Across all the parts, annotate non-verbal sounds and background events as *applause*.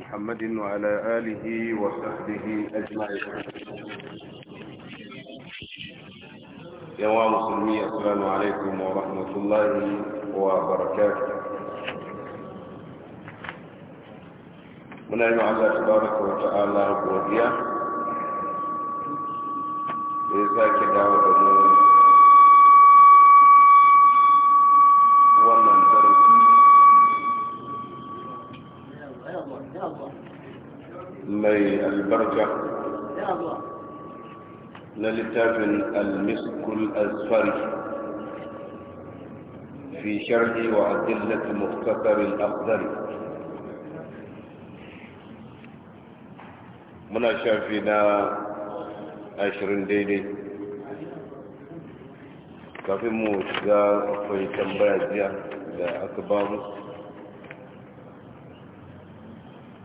محمد وعلى آله وصحبه أجمعين يا مسلمي السلام عليكم ورحمة الله وبركاته من الله تبارك وتعالى بوديا إذا كدعوة mai albarka na littafin almiskul asfari fi sharhi wa adillati muftasarin afzari muna shafi na ashirin daidai kafin mu shiga akwai tambaya jiya da aka ba mu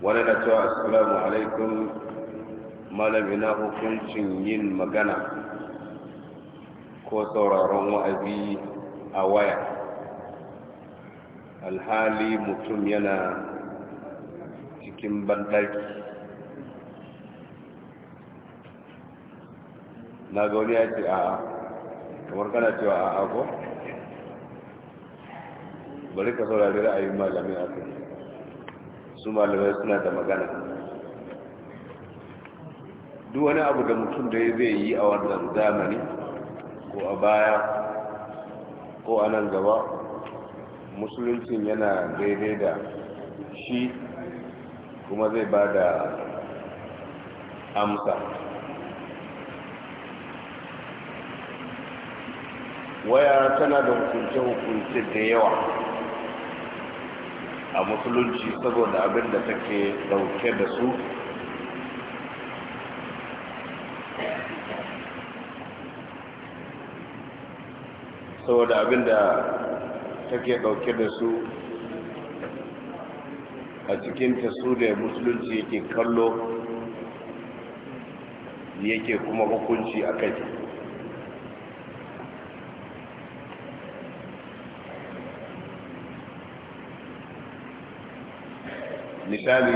wani da cewa assalamu alaikum malami na hukuncin yin magana ko sauraron wa'azi a waya alhali mutum yana cikin bandaki na gauni ya ce a kamar kana cewa a ako bari ka saurari ra'ayin malami a kai su malamai suna da magana duk wani abu da mutum da zai yi a wannan zamani ko a baya ko a nan gaba musuluncin yana daidai da shi kuma zai ba da amsa waya tana da hukunce-hukunce da yawa a musulunci saboda abin da take dauke da su saboda abin da take dauke da su a cikin su da musulunci yake kallo yake kuma hukunci a kai misali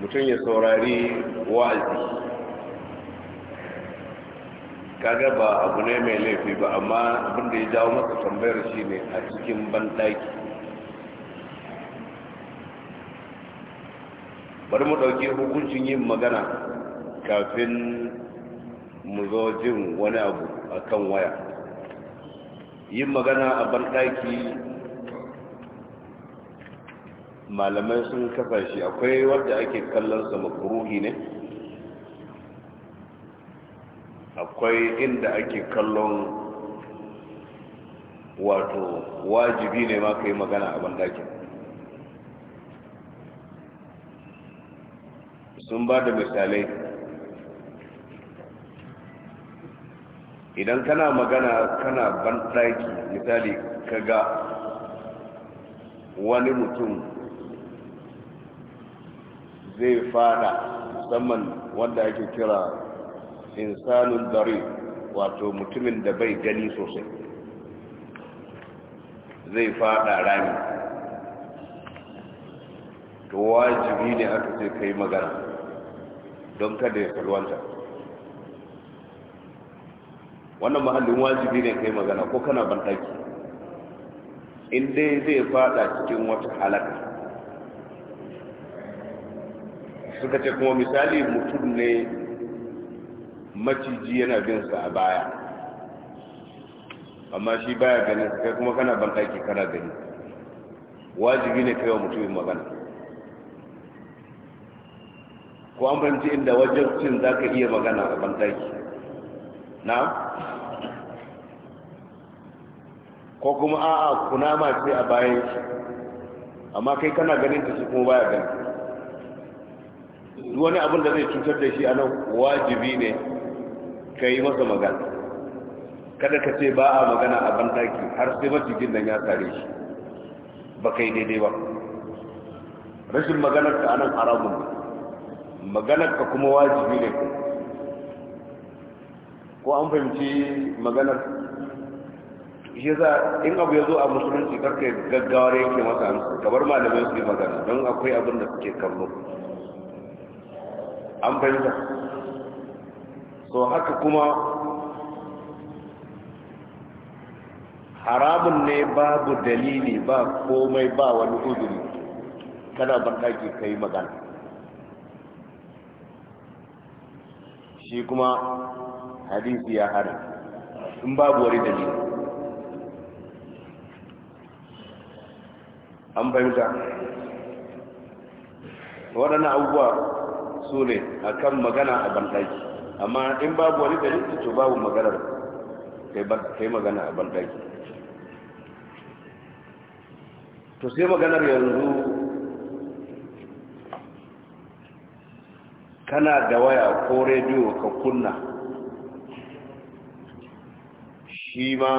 mutum ya saurari wa'azi kaga ba abu ne mai laifi ba amma abinda ya jawo masa tambayar shi ne a cikin banɗaki bari mu ɗauki hukuncin yin magana kafin mu zo jin wani abu a kan waya yin magana a banɗaki malamai sun kafa shi akwai wanda ake kallon sa makruhi ne akwai inda ake kallon wato wajibi ne ma kai magana a bandakin sun ba da misalai idan kana magana kana bandaki misali kaga wani mutum zai fada musamman wanda ake kira insanun dare wato mutumin da bai gani sosai zai fada rami to wajibi ne aka ce kai magana don kada ya salwanta wannan mahallin wajibi ne kai magana ko kana bandaki in dai zai fada cikin wata halaka suka ce kuma misali mutum ne maciji yana bin sa a baya amma shi baya ganin kai kuma kana ban ɗaki kana gani wajibi ne kai wa mutumin magana ko an fahimci inda wajen cin za ka iya magana a ban daki na ko kuma a'a kunama ce a bayan shi amma kai kana ganin ta shi kuma baya ganin wani abin da zai cutar da shi a nan wajibi ne ka yi masa magana kada ka ce ba a magana a bandaki har sai masjidin nan ya tare shi ba kai daidai ba rashin maganar ka nan haramun ne maganar ka kuma wajibi ne ko an fahimci maganar shi za in abu ya zo a musulunci karka gaggawar yake masa kamar malamai su yi magana don akwai abin da suke kallo an fahimta so haka kuma haramun ne babu dalili ba komai ba wani uzuri kana bandaki ke kai magana shi kuma hadisi ya hana in babu wani dalili an fahimta waɗannan abubuwa su ne a kan magana a bandaki amma in babu wani dalili to babu maganar kai magana a bandaki to sai maganar yanzu kana da waya ko rediyo ka kunna shi ma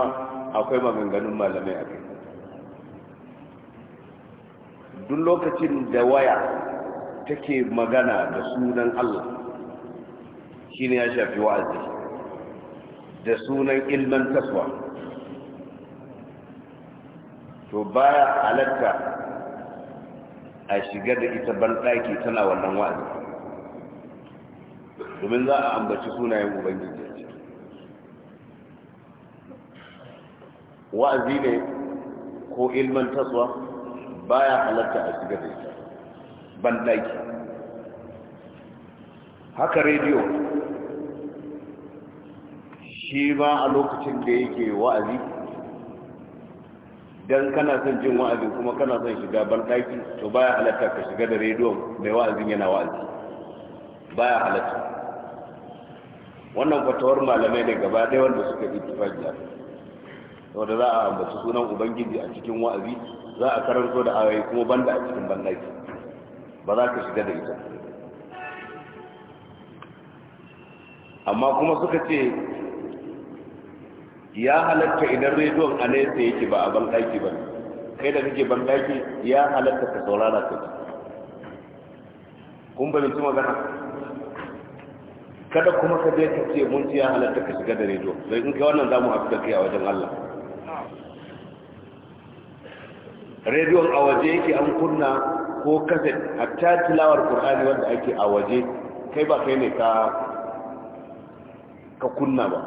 akwai maganganun malamai a kai duk lokacin da waya take magana da sunan Allah shi ne ya shafi wa'azi da sunan ilman taswa to baya halatta a shiga da ita banɗaki tana wannan wa'azi domin za a ambaci sunayen ubangiji wa'azi ne ko ilman taswa baya halatta a shiga da ita bandaki haka rediyo shi ba a lokacin da yake wa'azi dan kana son jin wa'azi kuma kana son shiga bandaki to baya halatta ka shiga da rediyo mai wa'azin yana wa'azi baya halatta wannan fatawar malamai ne gaba ɗaya wanda suka yi tufaji a da za a ambaci sunan ubangiji a cikin wa'azi za a karanto da ayoyi kuma banda a cikin bandaki ba za ka shiga da ita amma kuma suka ce ya halatta idan rediyon a nesa yake ba a banɗaki ba kai da kake banɗaki ya halatta ka saurara ka ji kun su magana kada kuma ka je ka ce mun ci ya halatta ka shiga da rediyon, zai in kai wannan za mu haɗu da kai a wajen Allah rediyon a waje yake an kunna ko kaset hatta tilawar qur'ani wanda ake a waje kai ba kai ne ka ka kunna ba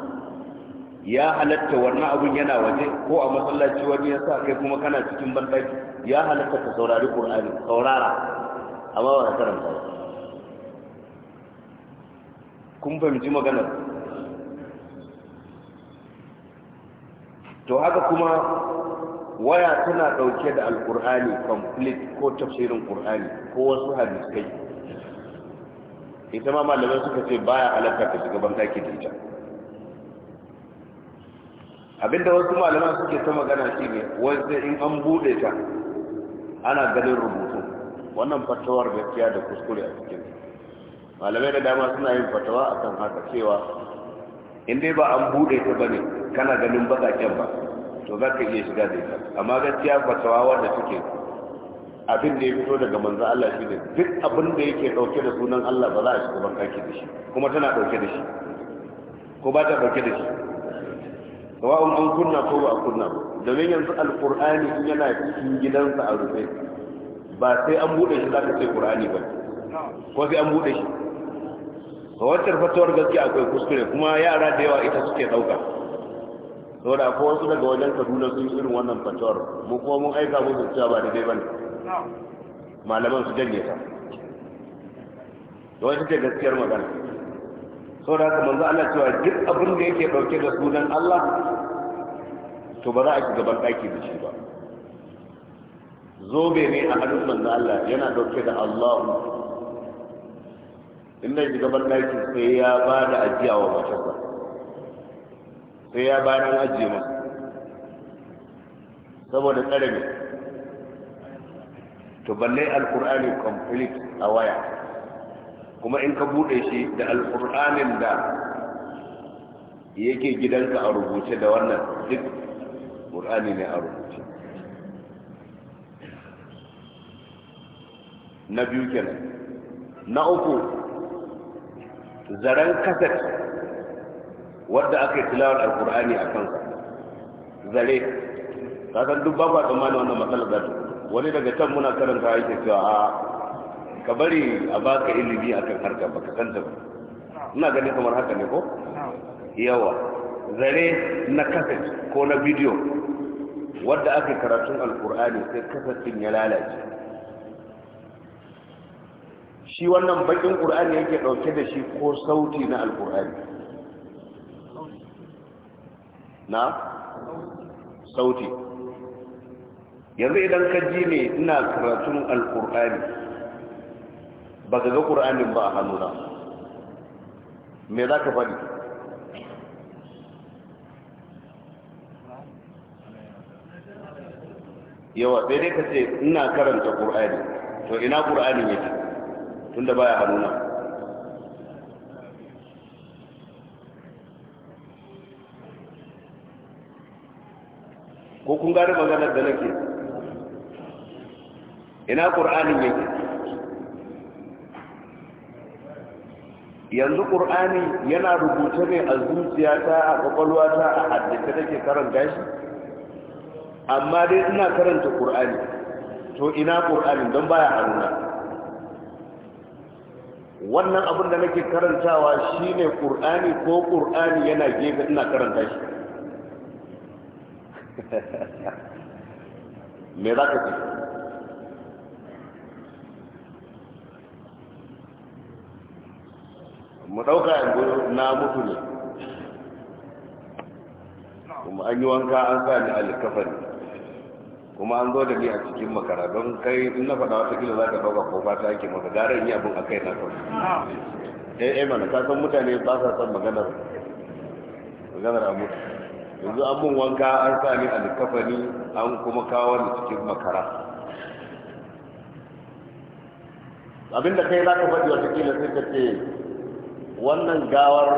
ya halatta wannan abun yana waje ko a masallaci wani ya sa kai kuma kana cikin bandaki ya halatta ka saurari qur'ani saurara amma ba ka karanta ba kun fahimci maganar to haka kuma waya tana dauke da alkur'ani complete ko tafsirin qur'ani ko wasu hadisai ita ma malamai suka ce baya alaka ta shiga banɗaki da ita abinda wasu malama suke ta magana shi ne wanda in an bude ta ana ganin rubutu wannan fatawar gaskiya da kuskure a cikin malamai da dama suna yin fatawa akan haka cewa in dai ba an bude ta bane kana ganin bakaken ba to za ka iya shiga da ita amma gaskiya fatawa wanda suke abin da ya fito daga manzan Allah shi ne duk abin da yake dauke da sunan Allah ba za a shiga ban kaki da shi kuma tana dauke da shi ko ba ta dauke da shi sawa'un an kunna ko ba a kunna domin yanzu alqur'ani in yana cikin gidansa a rufe ba sai an buɗe shi za ce ƙur'ani ba ko sai an buɗe shi a wancan fatawar gaskiya akwai kuskure kuma yara da yawa ita suke ɗauka saboda akwai wasu daga wajen kaduna sun yi irin wannan fatuwar mu kuma mun aika musu cewa ba daidai ba ne malaman su janye ta da wasu ce gaskiyar magana saboda haka manzo Allah cewa duk abin da yake dauke da sunan Allah to ba za a shiga ban daki da shi ba zobe ne a hannun manzo Allah yana dauke da Allahu inda shiga ban daki sai ya ba da ajiya wa matarsa sai ya bayan an ajiye masu saboda tsare ne to balle alkur'ani complete a waya kuma in ka bude shi da alkur'anin da yake gidanka a rubuce da wannan duk ƙur'ani ne a rubuce na biyu kenan na uku zaren kasar wadda aka yi tilawar alkur'ani a kansa zare kasan duk babu a tsammanin wannan matsalar za wani daga can muna karanta yake cewa a ka bari a baka ilimi akan harkar baka kanta ba ina gani kamar haka ne ko yawa zare na kaset ko na bidiyo wadda aka yi karatun alkur'ani sai kasar din ya lalace shi wannan bakin ƙur'ani yake ɗauke da shi ko sauti na alƙur'ani na sauti yanzu idan ka ji ne ina karatun alkur'ani ba ga ƙur'anin ba a hannuna me za ka faɗi yawa sai dai ka ce ina karanta ƙur'ani to ina ƙur'anin ne tun da baya hannuna ko kun gane maganar da nake ina ƙur'anin yake yanzu ƙur'ani yana rubuce ne a ta a ta a addace take karanta shi amma dai ina karanta ƙur'ani to ina ƙur'ani don baya haruna wannan abin da nake karantawa shine ƙur'ani ko ƙur'ani yana gefe ina karanta shi me za ka ce mu ɗauka yanzu na mutu ne kuma an yi wanka an sa ni alikafa kuma an zo da ni a cikin makara don kai in na faɗa wata kila za ka ɗauka ko fata ake maka gara yi abin a kai na kawai eh eh mana ka san mutane ba sa san maganar maganar a mutu yanzu an mun wanka an sami alkafani an kuma kawo da cikin makara abinda kai za ka faɗi kila sai ka ce wannan gawar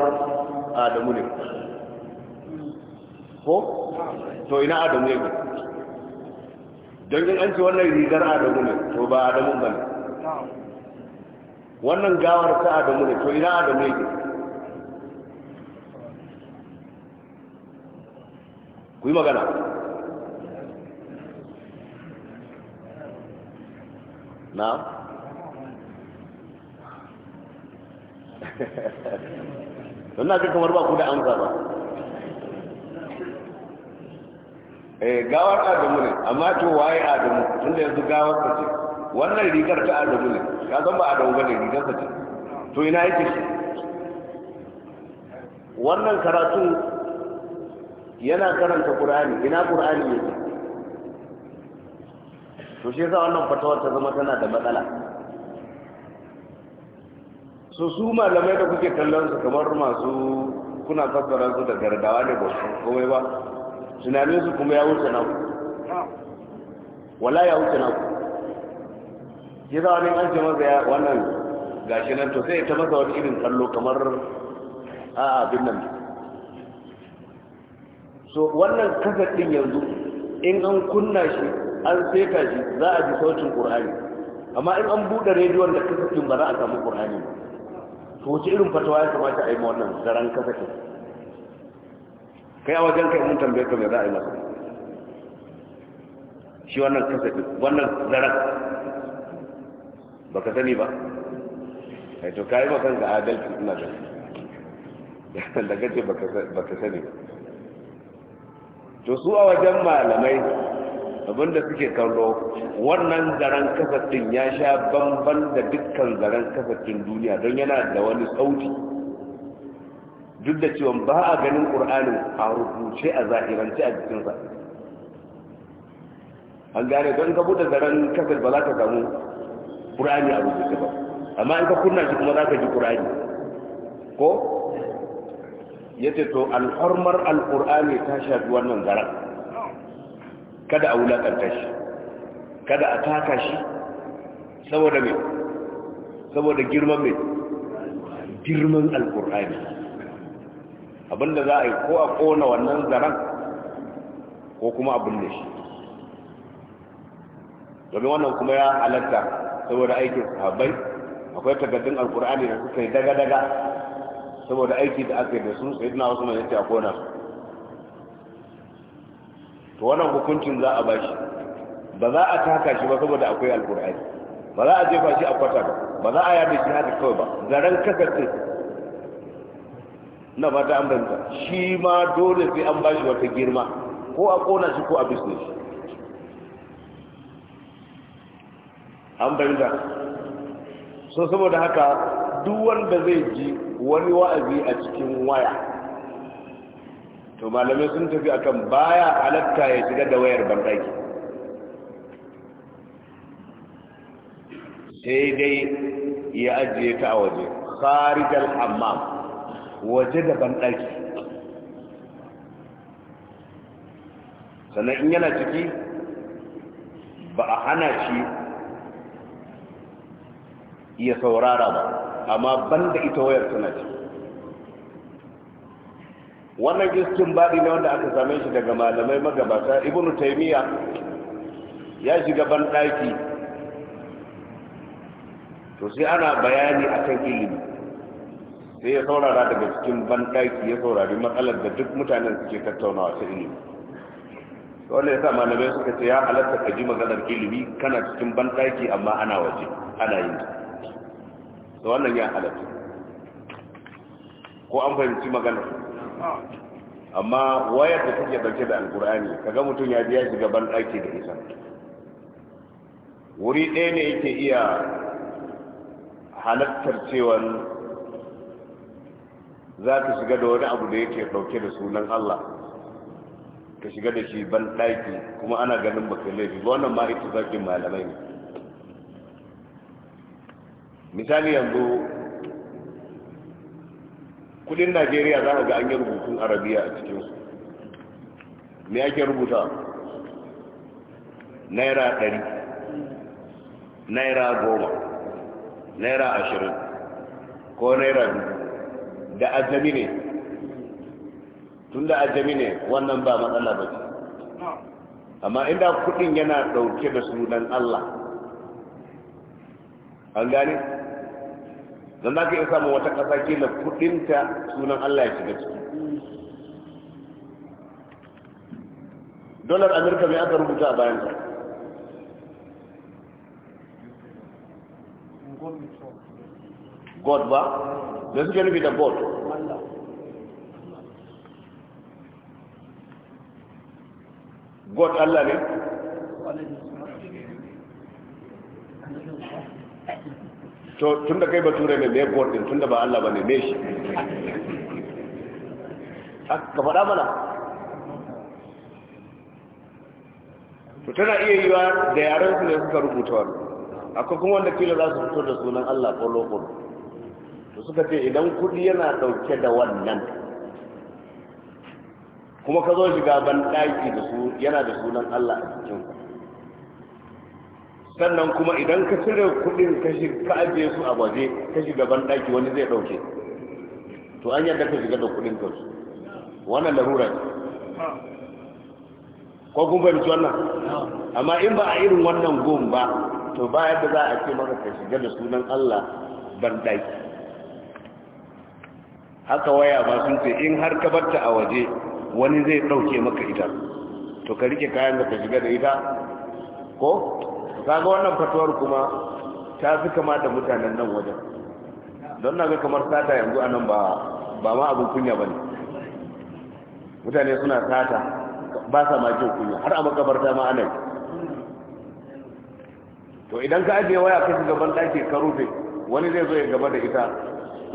adamu ne ko to ina adamu ne don yin an ce wannan rigar adamu ne to ba adamu ba ne wannan gawar ta adamu ne to ina adamu ne ku yi magana na *laughs* don na kamar ba ku da an ba eh gawar adamu ne amma to waye adamu tunda yanzu gawar ka ce wannan rigar ta adamu ne ka san ba adamu bane rigar ka ce to ina yake shi wannan karatu yana karanta ƙur'ani, ina ya ce to shi yasa wannan fatawar ta zama tana da matsala so su malamai da kuke kallon su kamar masu kuna fassara su da gardawa ne ba su komai ba tunanin su kuma ya wuce naku wala ya wuce naku shi yasa wani an ce masa wannan gashi nan to sai ta masa wani irin kallo kamar a abin nan so wannan kasar ɗin yanzu in an kunna shi an seta shi za a ji sautin ƙur'ani amma in an buɗe rediyon da kasar ɗin ba za a samu ƙur'ani to wace irin fatawa ya kamata a yi ma wannan zaren kasar ɗin kai a wajen kai mun tambaye ka mai za a yi masa shi wannan kasar ɗin wannan zaren ka sani ba kai to kai ba kanka adalci ina *laughs* da da kace baka sani ba to su a wajen malamai abinda suke kallo wannan zaren kasafin ya sha bamban da dukkan zaren kasafin duniya don yana da wani sauti duk da cewa ba a ganin ƙur'anin a rubuce a zahirance a jikinsa an gane don ka buɗe zaren kasar ba za ka samu ƙur'ani a rubuce ba amma in ka kunna shi kuma za ka ji ƙur'ani ko ya ce to alhormar alkur'ani ta shafi wannan zaren kada a wulaƙanta shi kada a taka shi saboda mai saboda girman mai girman alkur'ani abinda za a yi ko a ƙona wannan zaren ko kuma abin da shi domin wannan kuma ya halatta saboda aikin sahabbai akwai takardun alkur'ani da suka yi daga-daga saboda aiki da aka yi da su sai suna wasu mai ce a kona su to wannan hukuncin za a bashi ba za a taka shi ba saboda akwai alkur'ani ba za a jefa shi a kwata ba ba za a yada shi haka kawai ba zaren kasance na bata an ambanta shi ma dole sai an bashi wata girma ko a kona shi ko a bisne shi an banta. so saboda haka duk wanda zai ji wani wa'azi a cikin waya to malamai sun tafi akan baya halatta ya shiga da wayar bandaki sai dai ya ajiye ta a waje kharijal hammam waje da bandaki sannan in yana ciki ba a hana shi ya saurara ba amma banda ita wayar tana ci wannan iskin baɗi ne wanda aka same shi daga malamai magabata ibnu taimiyya ya shiga ban ɗaki to sai ana bayani akan ilimi sai ya saurara daga cikin ban ɗaki ya saurari matsalar da duk mutanen suke tattaunawa ta ilimi wanda ya sa malamai suka ce ya halatta ka ji maganar ilimi kana cikin ban ɗaki amma ana waje ana yin ta da wannan ya halatta ko an fahimci magana amma wayar da take dauke da alkur'ani kaga mutum ya biya shi gaban daki da isa wuri ɗaya ne yake iya halattar cewa za ka shiga da wani abu da yake dauke da sunan Allah ka shiga da shi ban daki kuma ana ganin baka laifi wannan ma ita zakin malamai ne misali yanzu kudin najeriya za a ga an yi rubutun arabiya a cikinsu me ake rubuta naira dari, naira goma naira ashirin ko naira dubu da ajami ne tun da ajami ne wannan ba matsala ba ce amma inda kudin yana ɗauke da sunan allah an gane don za ka iya samun wata ƙasa kila kuɗinta sunan Allah ya shiga ciki dolar amurka mai aka rubuta a bayan ka. god ba da suke nufi da god god Allah ne to tun da kai bature ne mai kodin tun da ba Allah ba ne ne shi ah, ka faɗa mana to tana iya yi wa da yaren su ne suka rubuta wani akwai kuma wanda kila za su fito da sunan Allah ko lokon to suka ce idan kudi yana dauke da wannan kuma ka zo shiga ban ɗaki da su yana da sunan Allah a cikin sannan kuma idan ka cire kudin ka ka ajiye su a waje ka shiga ban daki wani zai dauke to an yadda ka shiga da kudin ka su wannan larura ne ko kun fahimci wannan amma in ba a irin wannan gom ba to ba yadda za a ce maka ka shiga da sunan Allah ban daki haka waya ba sun ce in har ka barta a waje wani zai dauke maka ita to ka rike kayan da ka shiga da ita ko kaga wannan fatuwar kuma ta fi kama da mutanen nan wajen don na ga kamar sata yanzu a nan ba ma abin kunya ba ne mutane suna sata ba sa ma jin kunya har a makabarta ma ana to idan ka ajiye waya ka gaban ɗaki ka rufe wani zai zo ya gaba da ita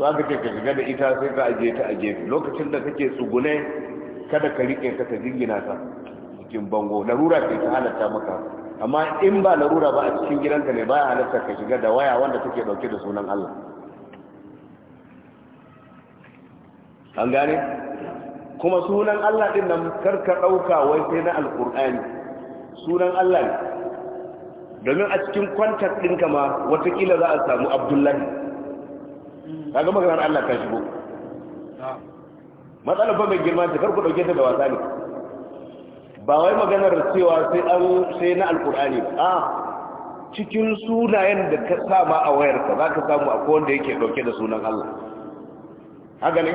to aka ce ka shiga da ita sai ka ajiye ta ajiye lokacin da kake tsugune kada ka riƙe ka ta jingina ta cikin bango larura ce ta halatta maka amma in ba larura ba a cikin gidanka ne baya halatta ka shiga da waya wanda take dauke da sunan Allah an gane kuma sunan Allah din nan karka dauka wai sai na alqur'ani sunan Allah ne domin a cikin kwantar ɗinka ma watakila za a samu abdullahi kaga maganar Allah ka shigo ah. matsalar ba mai girma ta karku dauke ta da wasa ne ba wai maganar cewa sai an sai na alkur'ani ba a cikin sunayen da ka sama a wayarka za ka samu a wanda yake dauke da sunan Allah haka ne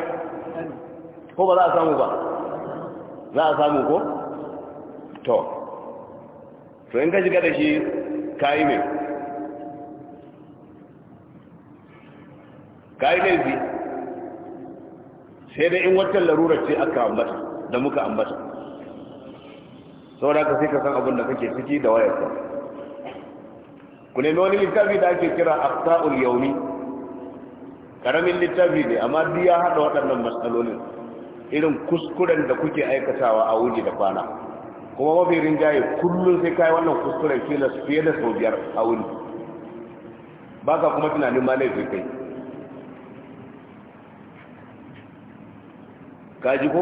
ko ba za a samu ba za a samu ko to to in ka shiga da shi kayi mai kayi laifi sai dai in wata larurar ce aka ambata da muka ambata saboda ka sai ka san abin da kake ciki da wayar ka ku nemi wani littafi da ake kira aqsa'ul yaumi karamin littafi ne amma duk ya haɗa waɗannan matsalolin irin kuskuren da kuke aikatawa a wuni da kwana kuma mafi rinjaye kullum sai kai wannan kuskuren kila fiye da sau biyar a wuni ba ka kuma tunanin ma laifin kai ka ji ko?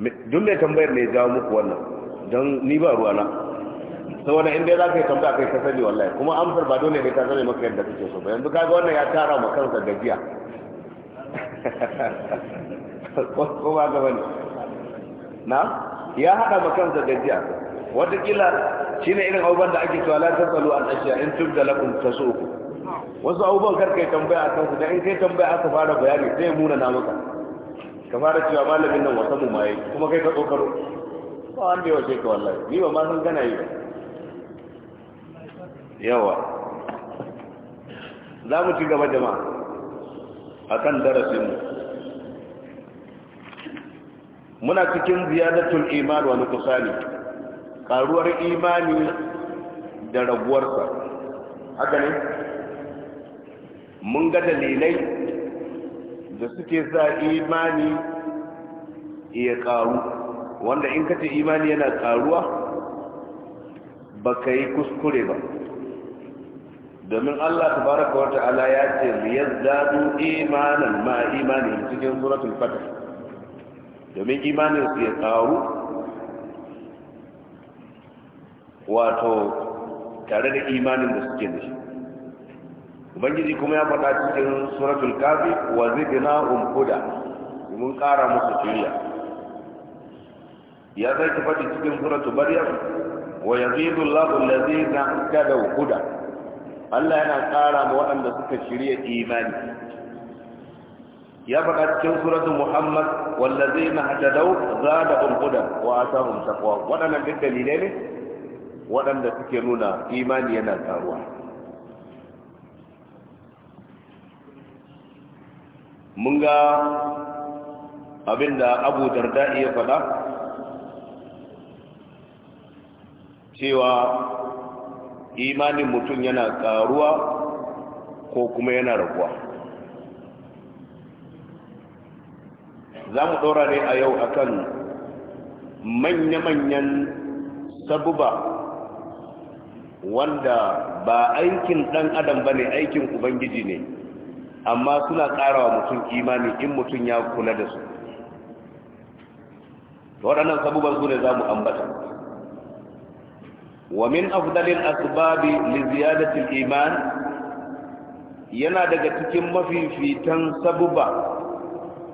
duk mai tambayar ne jawo muku wannan don ni ba ruwa na saboda inda za ka yi tambaya kai ta sani wallahi kuma amsar ba dole ne ta sani maka yadda kake so ba yanzu kaga wannan ya tara ma kansa gajiya *laughs* ko ba ga bane na ya hada ma kansa gajiya wataƙila shi ne irin abubuwan da ake cewa latar tsalo an ashiya in tub da lakun ta so wasu abubuwan karka yi tambaya a kansu da in kai tambaya aka fara bayani sai muna na maka kamar da cewa malamin nan wata mu maye kuma kai ka tsokaro ba wanda yawa ka wallahi ni ba ma san gana yi yawa za mu ci gaba jama'a akan darasin mu muna cikin ziyadatul iman wa nuqsani karuwar imani da raguwarsa haka ne mun ga dalilai da suke sa imani ya karu wanda in kace imani yana karuwa ba ka yi kuskure ba domin Allah tabaraka wa ta'ala ya ce liyazdadu imanan ma imani cikin suratul fatih domin imanin su ya karu wato tare da imanin da suke da shi ubangiji kuma ya faɗa cikin suratul kafi wa zidnahum huda mun ƙara musu shiriya ya zai ki faɗi cikin suratul maryam wa yazidu Allahu allazina ihtadaw huda Allah yana ƙara ma waɗanda suka shirya imani ya faɗa cikin suratul muhammad wallazina hadadaw zadahum huda wa atahum taqwa waɗannan duk dalilai ne waɗanda suke nuna imani yana karuwa mun ga abinda abu darda ya faɗa cewa imanin mutum yana ƙaruwa ko kuma yana raguwa za mu ɗora ne a yau akan manya-manyan sabuba wanda ba aikin ɗan adam ba ne aikin ubangiji ne amma suna ƙara wa mutum imani in mutum ya kula da su waɗannan sabuban su ne za mu ambata wa min afdalin asbabi li ziyadatil iman yana daga cikin mafifitan sabuba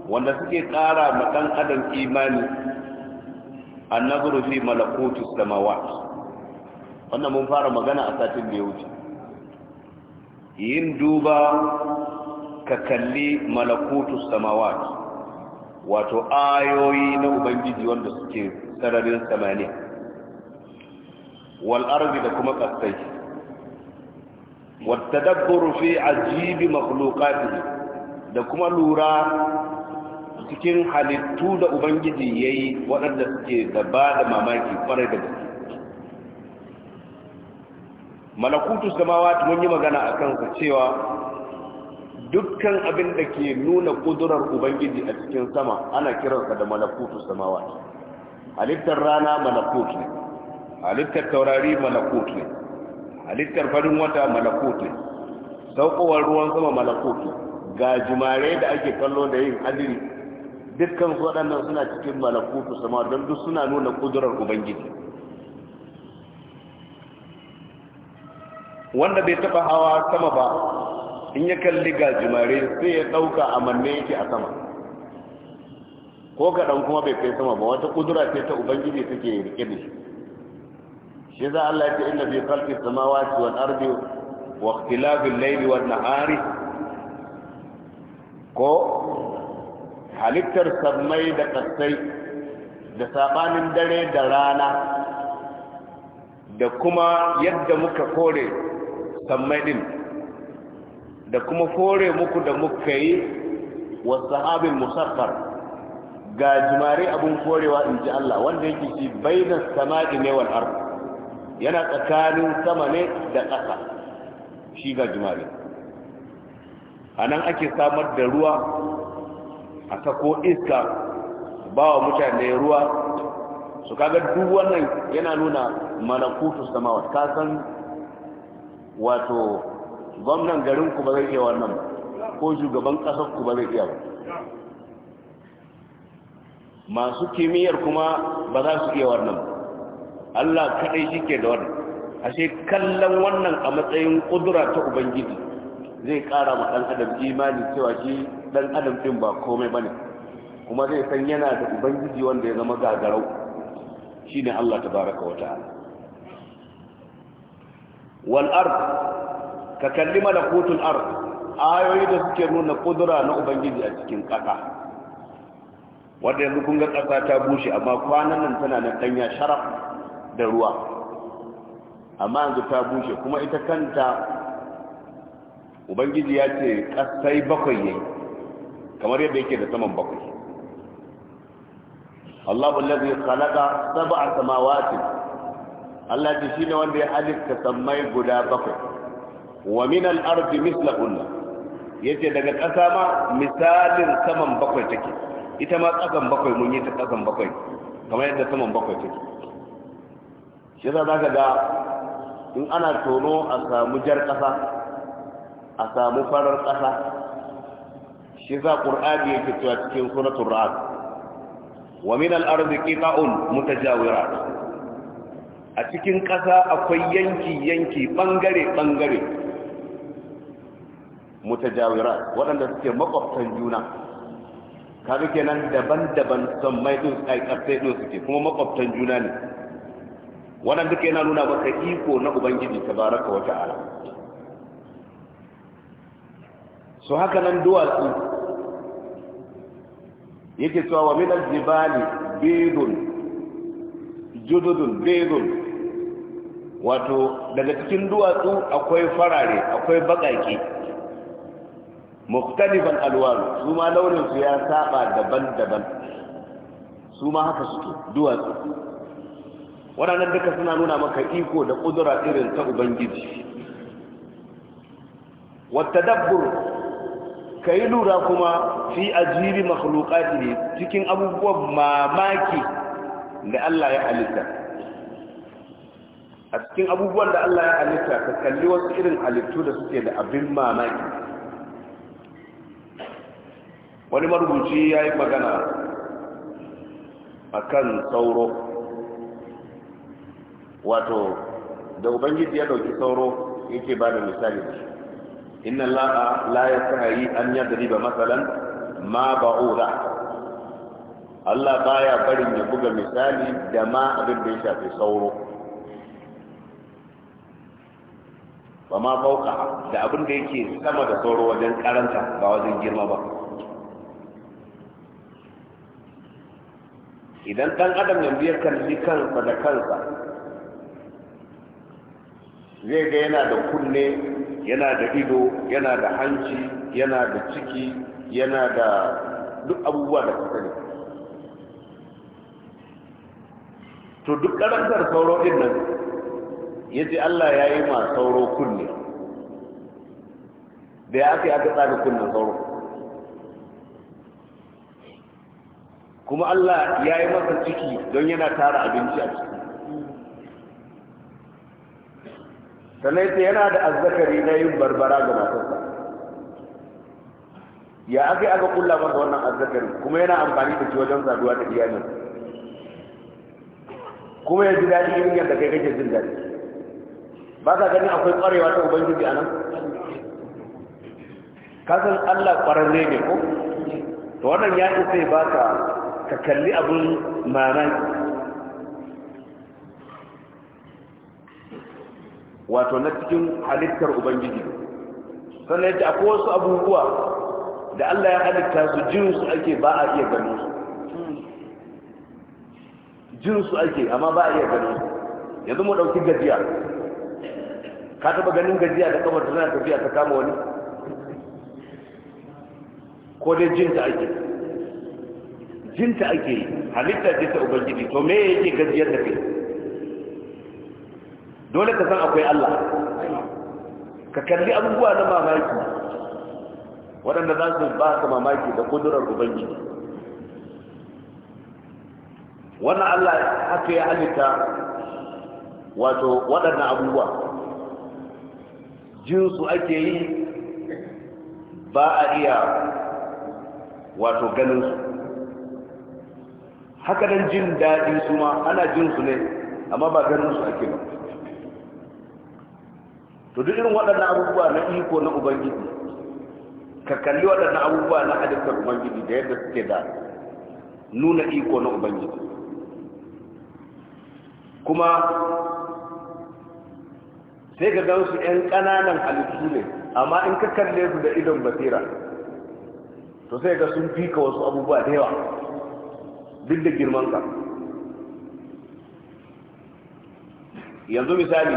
wanda suke ƙara ma ɗan adam imani annazuru fi malakutus samawat wannan mun fara magana a satin da ya wuce yin duba ka kalli malakutu samawat wato ayoyi na ubangiji wanda suke sararin samaniya wal ardi da kuma kasai wat tadabburu fi ajibi makhluqatihi da kuma lura cikin halittu da ubangiji yayi waɗanda suke da ba da mamaki kwarai da gaske malakutu samawat mun yi magana akan sa cewa dukkan abin da ke nuna kudurar ubangiji a cikin sama ana kiransa da malakutu samawa halittar rana malakutu halittar taurari malakutu ne halittar farin wata malakutu ne saukowar ruwan sama malakutu ga jimare da ake kallo da yin adiri dukkan waɗannan suna cikin malakutu sama don duk suna nuna kudurar ubangiji wanda bai taɓa hawa sama ba in ya kalli gajimare sai ya ɗauka a manne yake a sama ko kaɗan kuma bai kai sama ba wata ƙudura ce ta ubangiji suke rike da shi shi za Allah ya ce inna fi sama samawati wal ardi wa ikhtilafil layli wan nahari ko halittar sammai da kasai da sabanin dare da rana da kuma yadda muka kore sammai din da kuma kore muku da muka yi wa sahabin musaffar ga jimare abun korewa in ji Allah wanda yake shi bainas sama'i ne wal yana tsakanin sama ne da ƙasa shi ga jimare a nan ake samar da ruwa a sako iska ba wa mutane ruwa su kaga duk wannan yana nuna malakutu samawa ka san wato gwamnan garin ku ba zai iya wannan ko shugaban ƙasar ku ba zai iya ba masu kimiyyar kuma ba za su iya wannan Allah kaɗai shi ke da wannan ashe kallon wannan a matsayin ƙudura ta ubangiji zai ƙara ma ɗan adam imani cewa shi ɗan adam ɗin ba komai ba ne kuma zai san yana da ubangiji wanda ya zama gagarau shi ne Allah ta baraka wa ta'ala wal ka kalli kotun 'ar ayoyi da suke nuna kudura na ubangiji a cikin ƙasa wanda yanzu kun ga ta bushe amma kwanan nan tana na ɗanya sharaf da ruwa amma yanzu ta bushe kuma ita kanta ubangiji ya ce ƙasai bakwai yayi kamar yadda yake da saman bakwai Allahu allazi khalaqa sab'a samawati Allah ce shine wanda ya halitta sammai guda bakwai wa min al-ardi mislahunna yace daga ƙasa ma misalin saman bakwai take ita ma tsakan bakwai mun yi ta tsakan bakwai kamar yadda saman bakwai take shi yasa zaka ga in ana tono a samu jar ƙasa a samu farar ƙasa shi yasa qur'ani yake cewa cikin suratul ra'd wa min al-ardi qita'un mutajawirat a cikin ƙasa akwai yanki yanki bangare bangare mutajawirat waɗanda suke makwabtan juna kaga kenan daban-daban mai din sai karfe din suke kuma makwabtan juna ne wannan duka yana nuna maka iko na ubangiji tabaraka wa ta'ala so haka nan duwatsu yake cewa wa min al-jibali baydun jududun baydun wato daga cikin duwatsu akwai farare akwai bakaki muktalifan alwalu su ma launinsu ya saba daban-daban su ma haka suke duwatsu waɗannan duka suna nuna maka iko da ƙudura irin ta ubangiji wata dabbur ka yi lura kuma fi ajiri ne cikin abubuwan mamaki da Allah ya halitta a cikin abubuwan da Allah ya halitta ka kalli wasu irin halittu da suke da abin mamaki wani marubuci ya yi magana a kan sauro wato da ubangiji ya dauki sauro yake ba da misali da shi inna la'a la'a ya sahayi an ya ba matsalan ma ba'ura Allah baya barin ya buga misali da ma abin da ya shafi sauro ba ma bauka da abin da yake sama da sauro wajen karanta ba wajen girma ba idan dan adam yanzu ya kalli kansa da kansa zai ga yana da kunne yana da ido yana da hanci yana da ciki yana da duk abubuwa da kusa to duk karantar sauro din nan ya ce Allah ya yi ma sauro kunne da ya aka aka tsaga kunnen sauro kuma Allah ya yi masa ciki don yana tara abinci a ciki sannan sai yana da azzakari na yin barbara ga matarsa ya aka aka kulla masa wannan azzakari kuma yana amfani da shi wajen saduwa da iyalin kuma ya ji daɗi irin yadda kai kake jin daɗi ba ka gani akwai ƙwarewa ta ubangiji a nan kasan allah ƙwararre ne ko to wannan ya isa ba ka ka kalli abin mamaki wato na cikin halittar ubangiji sannan yadda akwai wasu abubuwa da allah ya halitta su jinsu ake ba a iya gano su jinsu ake amma ba a iya gano su yanzu mu ɗauki gajiya ka taɓa ganin gajiya da kamar tana tafiya ta kama wani ko dai jinta ake jinta ake yi halitta ce ta ubangiji to me yake gajiyar da kai dole ka san akwai Allah ka kalli abubuwa na mamaki waɗanda za su ba ka mamaki da kudurar ubangiji wannan Allah haka ya halitta wato waɗannan abubuwa jinsu ake yi ba a iya wato ganinsu haka dan jin daɗi su ma ana jin su ne amma ba ganin su ake ba to duk irin waɗannan abubuwa na iko na ubangiji ka kalli waɗannan abubuwa na halittar ubangiji da yadda suke da nuna iko na ubangiji kuma sai ka gansu su 'yan ƙananan halittu ne amma in ka kalle su da idon basira to sai ga sun fika wasu abubuwa da yawa duk da girmanka yanzu misali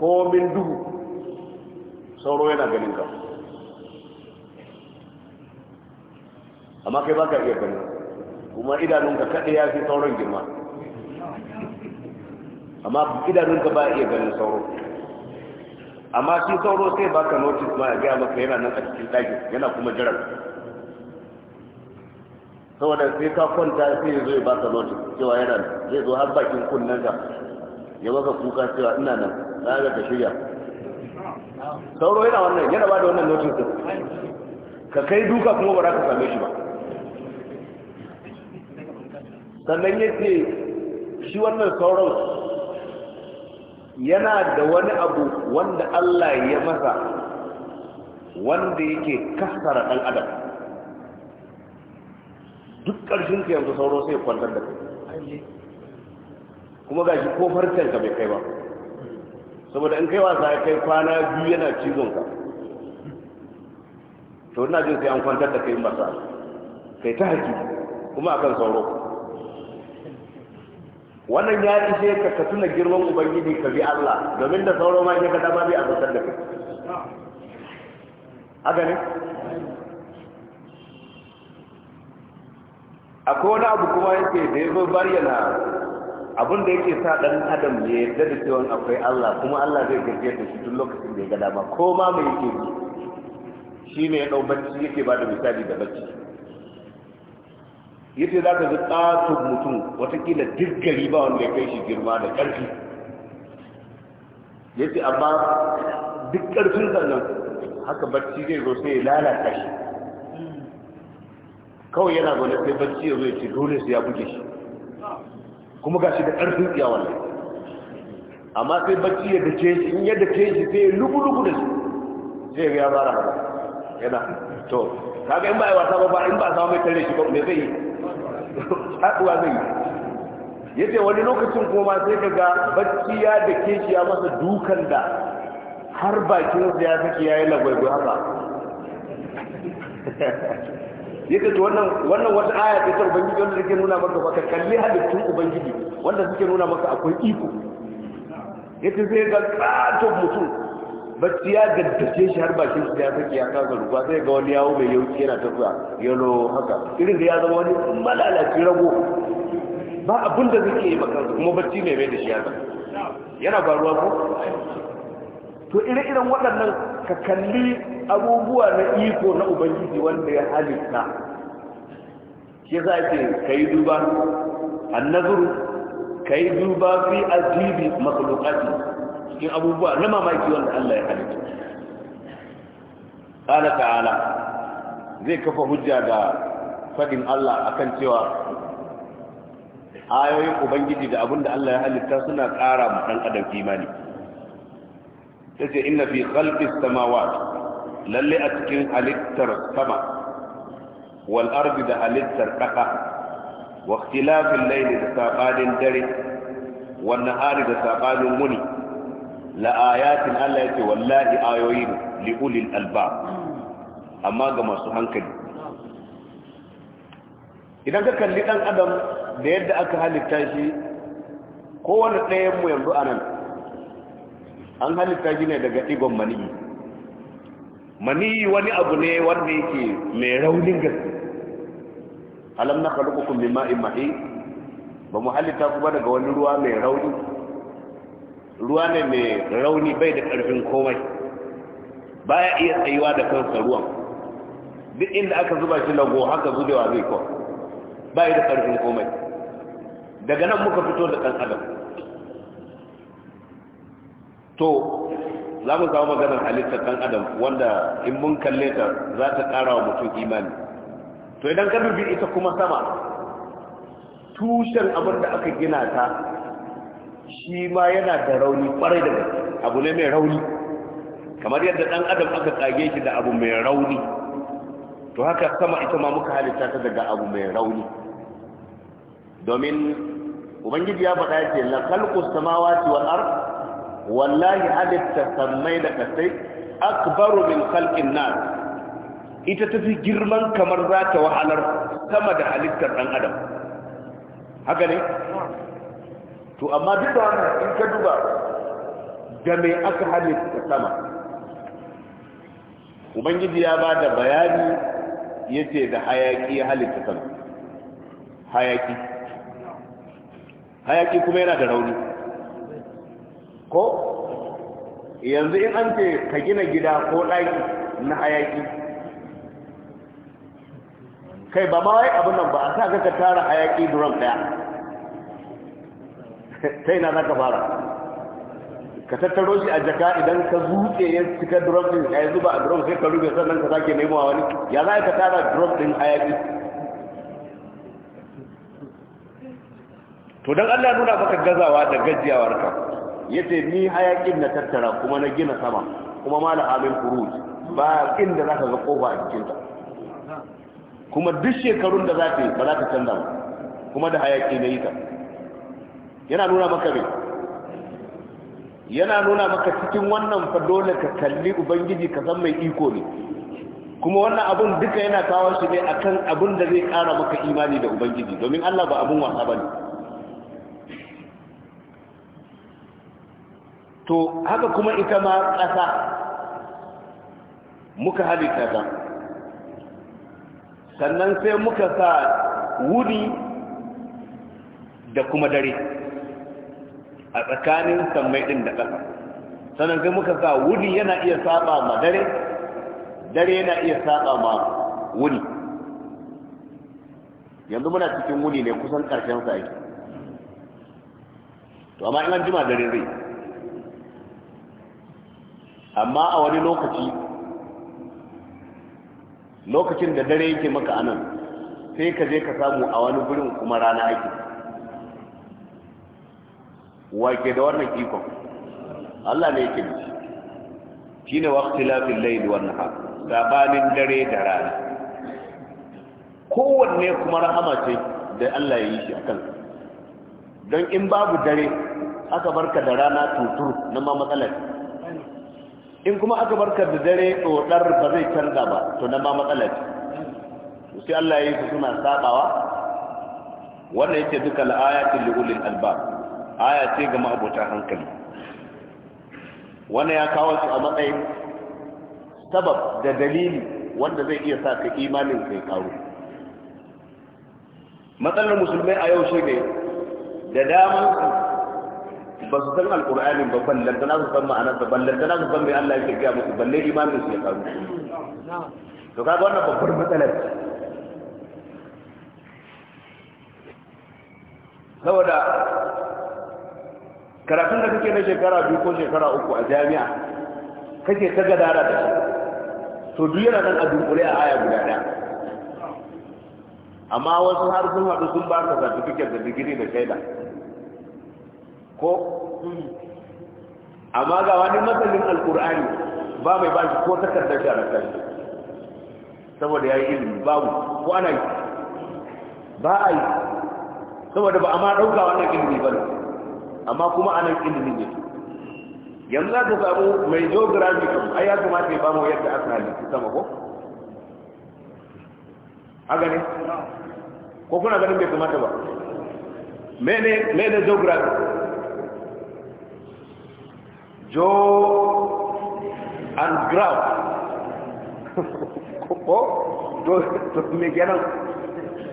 komin duhu sauro yana ganin ka amma kai baka iya ganin kuma idanunka kaɗe ya fi sauron girma amma idanunka ba iya ganin sauro amma shi sauro sai baka notice ma ya gaya maka yana nan a cikin ɗakin yana kuma jiran saboda sai ka kwanta sai ya zo ya baka notice cewa yana da, zai zo har bakin kunnen ka ya baka kuka cewa ina nan na ga ka shirya sauro yana wannan yana ba da wannan notice ka kai duka kuma ba za ka same shi ba sannan ya ce shi wannan sauron yana da wani abu wanda Allah ya masa wanda yake kasara ɗan adam duk ƙarshen ka yanzu sauro sai kwantar da kai kuma ga shi ko farcen ka bai kai ba saboda in kai wasa ya kai kwana biyu yana cizon ka to ina jin sai an kwantar da kai masa kai ta haki kuma akan sauro wannan ya ishe ka ka tuna girman ubangiji ka bi Allah domin da sauro ma ya ka dama bai kwantar da kai haka ne akwai wani abu kuma yake da ya bayyana abin da yake sa dan adam ya yarda da cewa akwai Allah kuma Allah zai gaje da shi duk lokacin da ya ga dama ko ma mai yake shi shine ya dau bacci yake ba da misali da bacci yace za ka ji tsatu mutum watakila duk gari ba wanda ya kai shi girma da ƙarfi yace amma duk ƙarfin sannan haka bacci zai zo sai ya lalata shi kawai yana zaune sai bacci ya zo ya ce dole su ya buge shi kuma shi da ƙarfin tsiya wannan amma sai bacci ya dace shi in ya dace shi sai ya lugu-lugu da shi sai ga ya fara haka yana to kaga in ba yi wasa ba in ba samu mai tare shi ba me zai yi haɗuwa zai yi yace wani lokacin kuma sai ka ga bacci ya dake shi ya masa dukan da har bakin ya saki yayi lagwaigwai haka yake to wannan wata aya ce ta ubangiji wanda take nuna maka baka kalli halittun ubangiji wanda suke nuna maka akwai iko yake sai ga katon mutum bacci ya gaddace shi har bakin shi ya sake ya kaga ruwa sai ga wani yawo mai yauki yana zuwa yalo haka irin da ya zama wani malalaci rago ba abin da ke yi maka kuma bacci ne mai da shi yana faruwa ko to ire-iren waɗannan ka kalli abubuwa na iko na ubangiji wanda ya halitta shi za ke ka yi duba annazuru ka yi duba fi ajibi makulukati cikin abubuwa na mamaki wanda allah ya halitta ƙala ta'ala zai kafa hujja da faɗin allah a kan cewa ayoyin ubangiji da abinda allah ya halitta suna ƙara ma ɗan adam kimani. ta ce inna fi khalqis samawati lalle a cikin halittar sama wal arzi da halittar ƙasa wa ikhtilafil layli da sabanin dare wa nahari da sabanin muni la ayatin Allah ya ce wallahi ayoyi li ulil albab amma ga masu hankali idan ka kalli ɗan adam da yadda aka halitta shi kowane ɗayan mu yanzu anan an halitta shi ne daga ɗigon maniyi maniyi wani abu ne wanda yake mai raunin gaske alam na kukun min ma'in mahi ba mu halitta ku ba daga wani ruwa mai rauni ruwa ne mai rauni bai da ƙarfin komai baya iya tsayuwa da kansa ruwan duk inda aka zuba shi lago haka zubewa zai kawai bai da ƙarfin komai daga nan muka fito da ɗan adam to za mu samu maganar halittar ɗan adam wanda in mun kalle ta za ta ƙara wa mutum imani to idan ka dubi ita kuma sama tushen abin da aka gina ta shi ma yana da rauni ƙwarai da abu ne mai rauni kamar yadda ɗan adam aka tsage shi da abu mai rauni to haka sama ita ma muka halitta ta daga abu mai rauni domin ubangiji ya faɗa ce la khalqu samawati wal ard wallahi halitta sammai da kasai akbaru min khalqin nas ita tafi girman kamar za ta wahalar sama da halittar dan adam haka ne to amma duk da wannan in ka duba da mai aka halitta sama ubangiji ya ba da bayani ya yace da hayaki halitta sama hayaki hayaki kuma yana da rauni ko yanzu in an ce ka gina gida ko ɗaki na hayaki kai ba mawai abun nan ba a sa ka tara hayaki duran ɗaya *laughs* ta yana za ka fara ka tattaro shi a jaka idan ka zuke ya cika duran din ya zuba a duran sai ka rufe sannan ka sake nemo wani ya za ka tara duran din hayaki to don Allah nuna maka gazawa da gajiyawar ka yace ni hayakin na tattara kuma na gina sama kuma ma da amin furuj ba inda za ka ga kofa a jikinta kuma duk shekarun da za ta yi ba za ka canza ba kuma da hayaki na yi ta yana nuna maka ne yana nuna maka cikin wannan fa dole ka kalli ubangiji ka san mai iko ne kuma wannan abun duka yana kawo shi ne akan abun da zai kara maka imani da ubangiji domin Allah ba abun wasa bane to haka kuma ita ma ƙasa muka halitta ta sannan sai muka sa wuni da kuma dare a tsakanin sammai ɗin da ƙasa sannan sai muka sa wuni yana iya saba ma dare dare yana iya saba ma wuni yanzu muna cikin wuni ne kusan ƙarshen sa to amma ina jima dare zai amma a wani lokaci lokacin da dare yake maka anan sai ka je ka samu a wani gurin kuma rana ake wake da wannan ikon Allah ne yake da shi ne waqtilafil layl wan nahar gabanin dare da rana kowanne kuma rahama ce da Allah ya yi shi akan don in babu dare aka barka da rana tutur na ma matsalar in kuma aka barka da dare tsotsar ba zai canza ba to nan ba matsala ce sai Allah ya yi su suna sabawa wannan yake duka la'ayatul liulil albab aya ce ga ma'abuta hankali wannan ya kawo su a matsayin sabab da dalili wanda zai iya sa ka imanin kai karo matsalar musulmai a yau shi da dama. ba su san alkur'ani ba ballantana su san ma'anarsa ballantana su san mai Allah ke gaya musu balle imanin su ya karu to kaga wannan babbar matsalar saboda karatun da kake na shekara biyu ko shekara uku a jami'a kake ta gadara da shi to duk yana nan a dunkule a aya guda ɗaya amma wasu har sun haɗu sun ba ka fikir da digiri da shaida ko amma ga wani matsalin alkur'ani ba mai ba shi ko takardar shi a rakarci saboda ya yi ilimi babu ko ana yi ba a yi saboda ba a ma ɗauka wannan ilimi ba amma kuma ana ilimi ne yanzu za ka samu mai geography kam ai ya kamata ya ba mu yadda aka su sama ko haka ne ko kuna ganin bai kamata ba mene mene geography jo and ground *laughs* ko to me kenan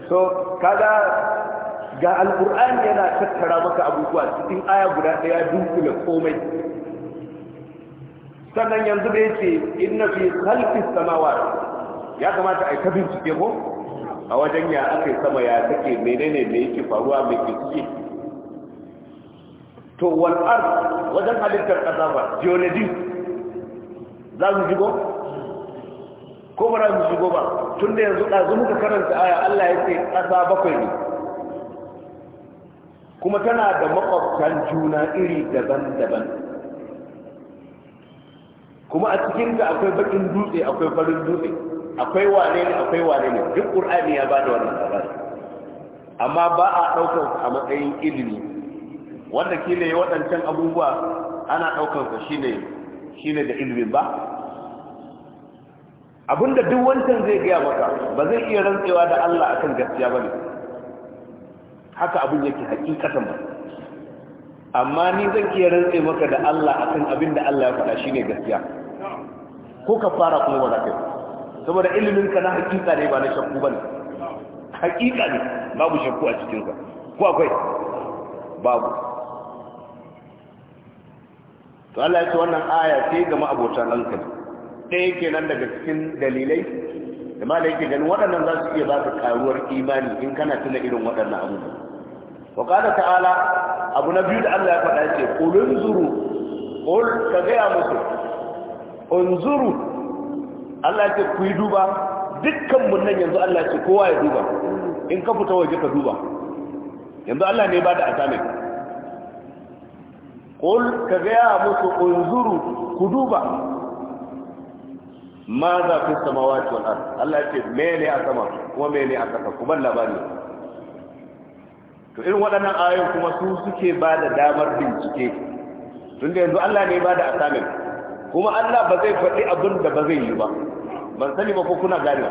so kaga ga alkur'ani yana tattara maka abubuwa cikin aya guda daya dukkule komai sannan yanzu da yace inna fi khalqis samawati ya kamata a kabin cike ko a wajen ya aka sama ya take menene me yake faruwa me yake to wal ard wajen halittar kasa ba geology za mu shigo ko ba za su shigo ba tun da yanzu ɗazu muka karanta aya Allah ya ce kasa bakwai ne kuma tana da makwabtan juna iri daban-daban kuma a cikin ka akwai bakin dutse akwai farin dutse akwai wane ne akwai wane ne duk ƙur'ani ya ba da wannan labari amma ba a ɗaukar a matsayin ilimi wanda kila yi waɗancan abubuwa ana ɗaukansa shi ne da ilimin ba abinda duk wancan zai gaya maka ba zai iya rantsewa da Allah akan gaskiya ba ne, haka abin yake hakikatan ba amma ni zan iya rantse maka da Allah akan abin da Allah ya faɗa shi ne gaskiya ko ka fara kuma wala kai saboda ilimin ka na hakika ne ba na shakku ne. hakika ne babu shakku a cikin ka ko akwai babu to Allah ya ce wannan aya ce ga ma'abotan hankali ɗaya nan daga cikin dalilai da ma da yake ganin waɗannan za su iya ba su karuwar imani in kana tuna irin waɗannan abubuwa wa qala ta'ala abu na biyu da Allah ya faɗa ce qulun zuru qul ka gaya musu unzuru Allah ya ce ku yi duba dukkan mun nan yanzu Allah ya ce kowa ya duba in ka fita waje ka duba yanzu Allah ne ba da assignment قل ka gaya musu كدوبا ku duba ma za الله يتي ميني اسما Allah ce mene a sama kuma mene a kuma labari to irin waɗannan ayoyin kuma su suke ba da damar bincike tun da yanzu Allah ne ba da asamin kuma Allah ba zai faɗi abin da ba zai yi ba ban sani ba ko kuna gane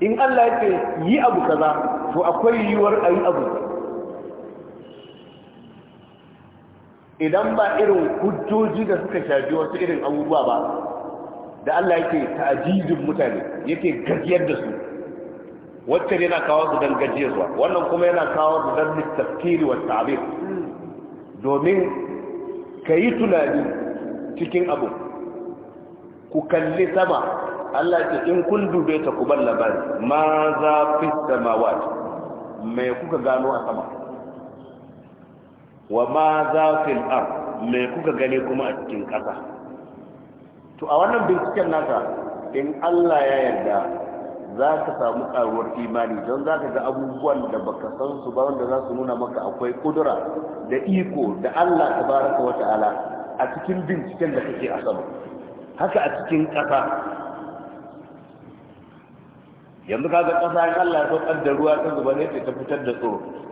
in Allah ya ce yi abu kaza to akwai yiwuwar a yi abu idan ba irin hujjoji da suka shafi wasu irin abubuwa ba da Allah yake ta'ajijin mutane yake gajiyar da su wacce yana kawo su don gajiyarwa wannan kuma yana kawo su don littafkiri wa domin ka yi tunani cikin abu ku kalli sama Allah ce in kun dube ta ku ballaba labari ma za fi samawa mai kuka gano a sama wa ma za fil ar me kuka gani kuma a cikin ƙasa to a wannan binciken naka in Allah ya yarda za ka samu karuwar imani don za ka ga abubuwan da baka san su ba wanda za su nuna maka akwai ƙudura da iko da Allah ta baraka wa ta'ala a cikin binciken da kake a sama haka a cikin ƙasa yanzu kaga ƙasa in Allah ya saukar da ruwa ta zuba ne ta fitar da tsoro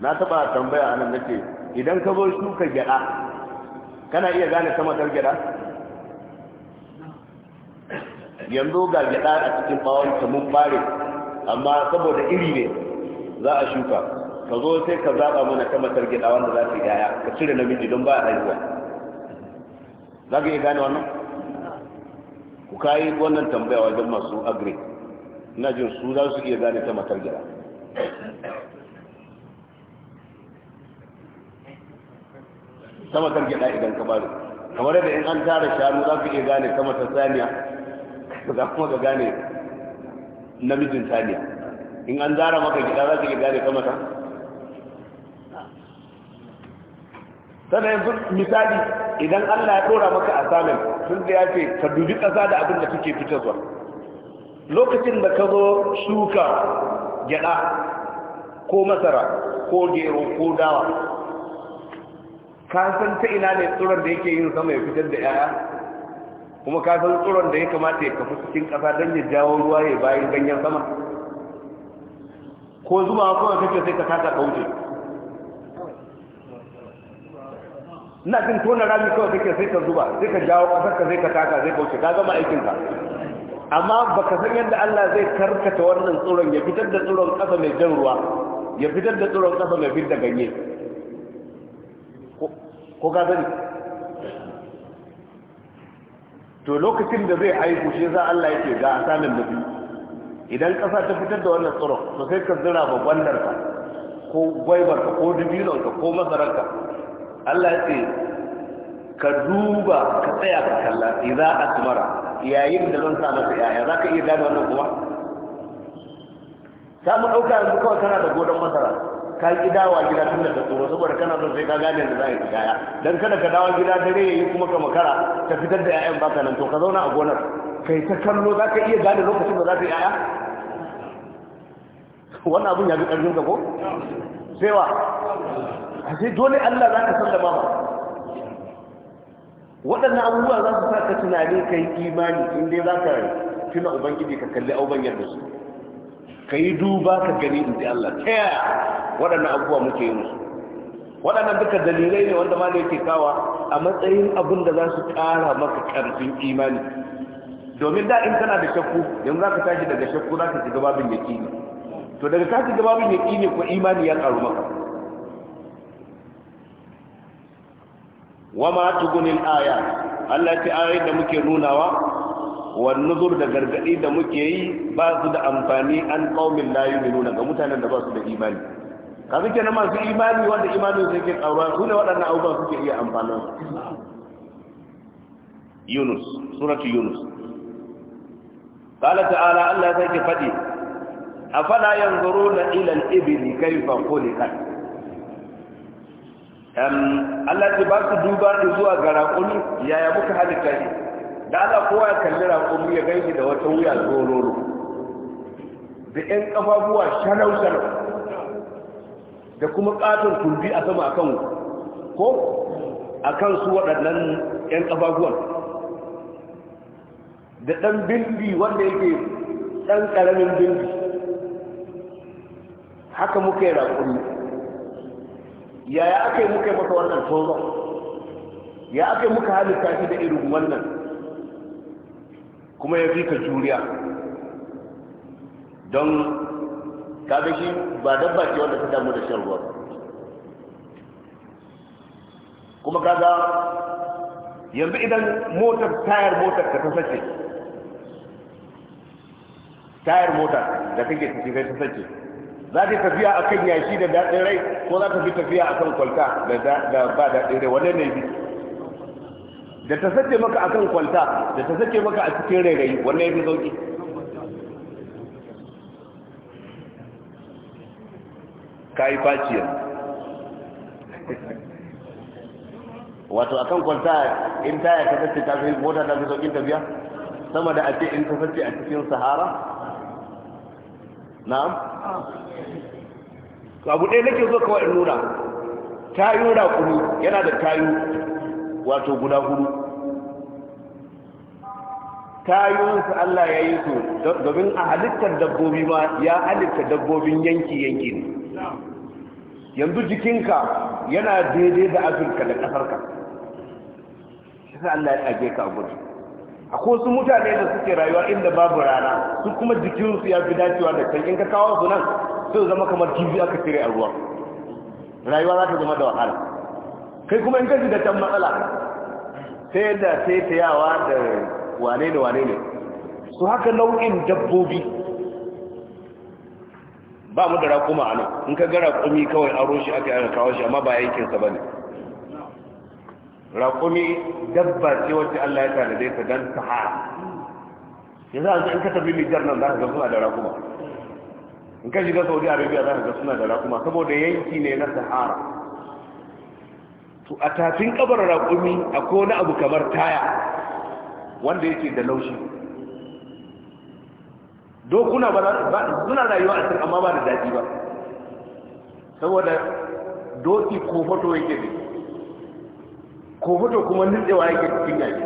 na taba tambaya anan nace idan ka zo shuka gyada kana iya gane sama dar gyada yanzu ga gyada a cikin bawon ta mun bare amma saboda iri ne za a shuka ka zo sai ka zaba mana sama dar gyada wanda za ta yaya ka cire namiji don ba a haihuwa za ka iya gane wannan ku kayi wannan tambaya wajen masu agri ina jin su za su iya gane sama matar gyada sama kan gyaɗa idan ka bari kamar yadda in an tara shanu za ka iya gane sama ta saniya *laughs* za kuma ka gane namijin saniya in an zara maka gida za ka iya gane sama ta sannan yanzu misali idan allah ya ɗora maka samun sun da ya ce ka dubi ƙasa da abin da suke fitarwa lokacin da ka zo shuka gyaɗa ko masara ko gero ko dawa ka san ta ina ne tsuron da yake yin sama ya fitar da yaya kuma ka san tsuron da ya kamata ya kafa cikin kasa don ya jawo ruwa ya bayan ganyen sama ko zuma kuma kake sai ka ka wuce. ina jin tona rami kawai kake sai ka zuba sai ka jawo kasar ka sai ka taka sai kauce ka gama aikin ka amma baka san yadda Allah zai karkata wannan tsuron ya fitar da tsuron kasa mai jan ruwa ya fitar da tsuron kasa mai fitar da ganye ko ka to lokacin da zai haihu shi za Allah yake ga asanin da biyu idan ƙasa ta fitar da wannan tsoron to sai ka zira ba gwandarka ko gwaibarka ko dubinonka ko masararka Allah ya ce ka duba ka tsaya ka kalla idza asmara yayin da zan sa masa yaya zaka iya gane wannan kuma samu mu ɗauka yanzu kawai kana da godon masara ka yi dawa gida tun da tsoro saboda kana son sai ka gane da za a yi tsaya don kada ka dawo gida dare yi kuma ka makara ta fitar da 'ya'yan baka nan to ka zauna a gonar kai ta kallo za ka iya gane lokacin da za ka yi 'ya'ya wannan abin ya fi ƙarfin ka ko sai wa a sai dole Allah za ka sallama ba waɗannan abubuwa za su sa ka tunani kai imani in dai za ka tuna ubangiji ka kalli auban yadda su ka yi duba ka gani in Allah ta yaya waɗannan abubuwa muke yi musu waɗannan duka dalilai ne wanda ma da yake kawa a matsayin abin da za su ƙara maka ƙarfin imani domin da in kana da shakku yanzu za ka tashi daga shakku za ka shiga babin ne, to daga ka shiga babin ne ko imani ya ƙaru maka wa ma tugunil aya Allah ya ce ayoyin da muke nunawa wannan nuzur da gargadi da muke yi ba su da amfani an qaumin la yu'minuna ga mutanen da ba su da imani Ka kaza kenan masu imani wanda imanin su yake karuwa su ne waɗannan abubuwa suke iya amfanin Yunus suratu Yunus qala ta'ala Allah ya sake fadi afala yanzuruna ila al-ibli kayfa khuliqat Allah ce ba su duba da zuwa ga raƙuni yaya muka halitta shi da ana kowa ya kalli raƙumi ya gaishe da wata wuya zororo da 'yan ƙafafuwa shanau-shanau da kuma ƙaton kundi a sama akan ko a kan su waɗannan 'yan ƙafafuwan da ɗan bindi wanda yake ɗan ƙaramin bindi haka muka yi raƙumi yaya aka yi muka yi maka wannan tozon ya aka yi muka halitta shi da irin wannan kuma ya fi ka juriya don kada shi ba dabba ce wanda ta damu da shan ruwan kuma kaga yanzu idan motar tayar motar ka ta sace tayar motar da kake tafi kai ta sace za ta tafiya a kan yashi da daɗin rai ko za ta fi tafiya a kan kwalta da ba daɗin rai wannan ne biyu da ta sake maka akan kwanta da ta sake maka a cikin rairayi wannan ya fi sauki ka yi faciya wato akan kwalta in taya ta sace ta fi mota ta fi saukin tafiya sama da ake in ta sace a cikin sahara na'am abu ɗaya nake zo kawai in nuna tayun raƙumi yana da tayu wato guda hudu kayunsu Allah ya yi su domin a halittar dabbobi ma ya halitta dabbobin yanki-yanki ne yanzu jikinka yana daidai da afirka da ƙasarka shi Allah ya ajiye ka a gudu akwai su mutane da suke rayuwa inda babu rana su kuma jikinsu ya fi dacewa da can in ka kawo su nan sai zama kamar TV aka cire a ruwa rayuwa za ta zama da wahala kai kuma in ka shiga can matsala sai yadda sai tayawa da wane da wane ne su haka nau'in dabbobi ba mu da raƙuma a nan in ka ga raƙumi kawai aro shi aka yi kawo shi amma ba yankinsa ba ne raƙumi dabba ce wacce Allah ya tare da ta ya za a zai in ka tafi Nijar nan za ka ga suna da raƙuma in ka shiga Saudi Arabia za ka ga suna da raƙuma saboda yanki ne na sahara to a tafin kabar raƙumi a kone abu kamar taya wanda yake da laushi dokuna ba suna rayuwa a cikin amma ba da daɗi ba saboda doki ko fato yake ne ko fato kuma nitsewa yake cikin yaki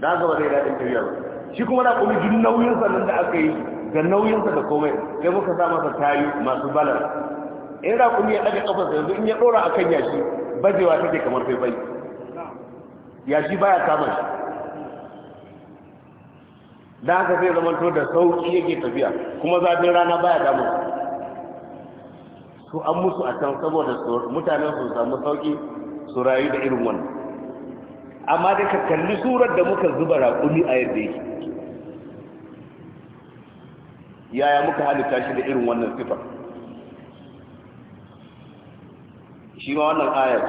da gaba zai daɗin tafiya ba shi kuma na kuma jin nauyinsa nan da aka yi ga nauyinsa da komai sai muka sa masa tayu masu balar in raƙumi ya ɗaga ƙafarsa yanzu in ya ɗora a kan yashi bajewa take kamar faifai yashi baya kama shi da aka sai to da sauki yake tafiya kuma zafin rana baya damar su an musu a can saboda mutanen su samu sauki su rayu da irin wannan amma da ka kalli surar da muka zuba raƙumi a yadda yake yaya muka halitta shi da irin wannan sifar shi ma wannan ayar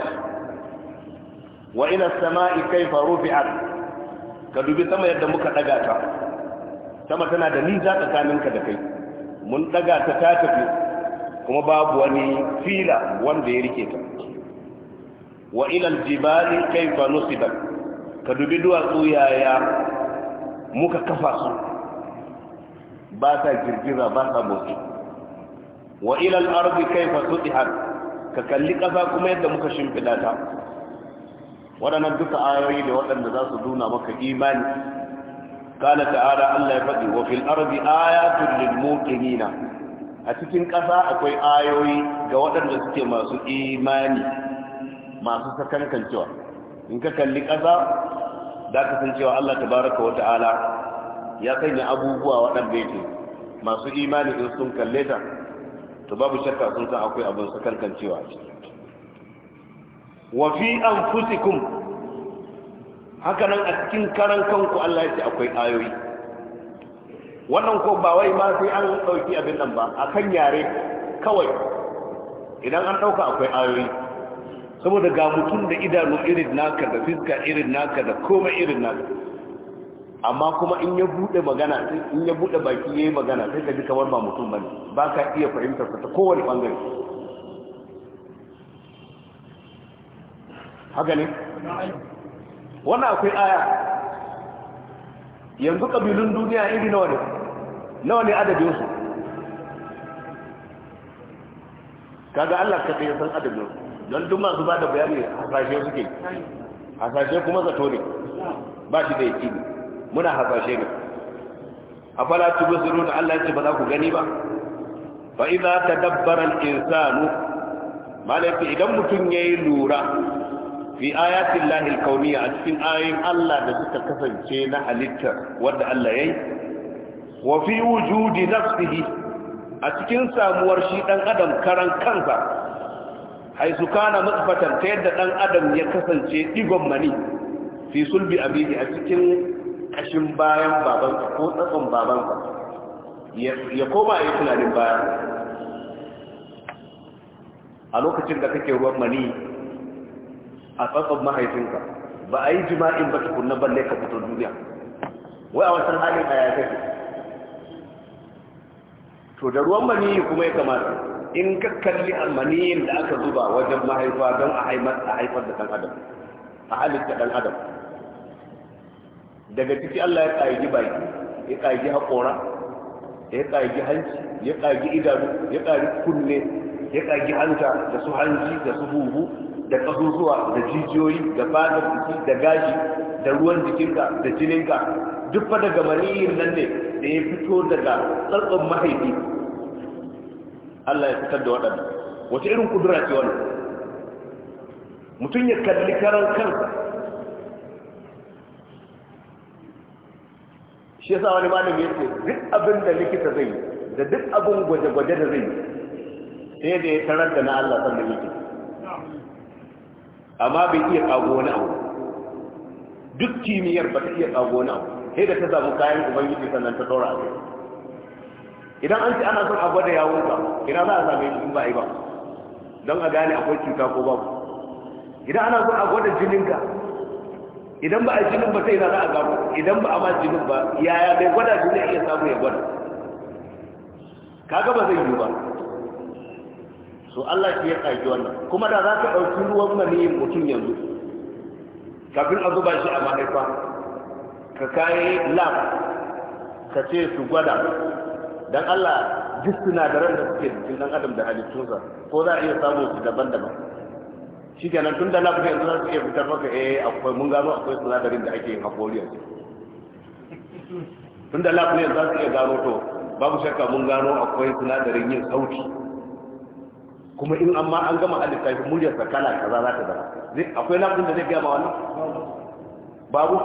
wa ila sama'i kaifa rufi'at ka dubi sama yadda muka daga ta sama tana da nisa tsakaninka da kai mun daga ta ta tafi kuma babu wani fila wanda ya rike ta wa ila aljibali kaifa nusibat ka dubi duwatsu yaya muka kafa su ba sa girgiza ba sa motsi wa ila al-ardi kaifa sutihat ka kalli ƙasa kuma yadda muka shimfiɗa ta waɗannan duka ayoyi da waɗanda za su nuna maka imani kala ta'ala Allah ya faɗi wa fil ardi ayatun lil muqinina a cikin ƙasa akwai ayoyi ga waɗanda suke masu imani masu cewa. in ka kalli ƙasa za ka san cewa Allah tabaraka wa ta'ala ya sanya abubuwa waɗanda yake masu imani sun kalle ta to babu shakka sun san akwai abin kankancewa a ciki wa fi anfusikum haka nan a cikin karan kanku Allah ya ce akwai ayoyi wannan ko ba wai ma sai an ɗauki abin nan ba a kan yare kawai idan an ɗauka akwai ayoyi saboda ga mutum da idanu irin naka da fiska irin naka da komai irin naka amma kuma in ya bude magana in ya bude baki yayi magana sai ka ji kamar ba mutum bane ba ka iya fahimtar ta kowane bangare haka ne wannan akwai aya yanzu kabilun duniya iri nawa ne nawa ne adadin su kaga Allah ka ta san adadin su don duk masu ba da bayani hasashe suke hasashe kuma zato ne ba shi da yake ne muna hasashe ne a fala nuna Allah ya ce ba za ku gani ba fa dabbaran tadabbara al-insanu malaka idan ya yayi lura fi ayatin lahil kauniya a cikin ayoyin Allah da suka kasance na halittar wadda Allah ya yi wa fi wujudi nafsihi a cikin samuwar shi dan adam karan kansa haisu kana mutfatan ta yadda dan adam ya kasance digon mani fi sulbi abihi a cikin kashin bayan babanka ko tsakon babanka ya koma ya tunanin baya a lokacin da kake ruwan mani a tsakon mahaifinka ba a yi jima'in ba tukunna balle ka fito duniya wai a wasan halin a yaya to da ruwan mani kuma ya kamata in ka kalli almaniyin da aka zuba wajen mahaifa don a haifar da ɗan adam a halitta ɗan adam daga ciki Allah ya ƙagi baki ya ƙagi haƙora ya ƙagi hanci ya ƙagi idanu ya ƙagi kunne ya ƙagi hanta da su hanci da su huhu da ƙasusuwa da jijiyoyi da fadar jiki da gashi da ruwan jikinka da jininka duk fa daga maniyin nan ne da ya fito daga tsarkon mahaifi Allah ya fitar da waɗanda wace irin kudura ce wannan mutum ya kalli karan kansa shi yasa wani ya ce duk abin da likita zai da duk abin gwaje-gwaje da zai sai da ya tarar da na Allah sannan yake amma bai iya kago wani abu duk kimiyyar ba ta iya kago wani abu sai da ta zamu kayan ubangiji sannan ta tsora a idan an ce ana son a gwada yawon ka idan za a same shi ba yi ba don a gane akwai cuta ko babu idan ana son a gwada jininka idan ba a jinin ba sai na za a gano idan ba a ma jinin ba yaya mai gwada jini a iya samu ya gwada kaga ba zai yi ba so Allah shi ya ƙaƙi wannan kuma da za ka ɗauki ruwan maniyin mutum yanzu kafin a zuba shi a mahaifa ka kayi lab ka ce su gwada don Allah duk sinadaran da suke jikin ɗan adam da halittunsa ko za a iya samun su daban-daban nan tun da lafiya yanzu za su iya fitar maka eh akwai mun gano akwai sinadarin da ake yin hakori yanzu tun da lafiya yanzu za su iya gano to babu shakka mun gano akwai sinadarin yin sauti kuma in amma an gama a muryar sa kala kaza za ta zama akwai lafiyar da zai gama wani babu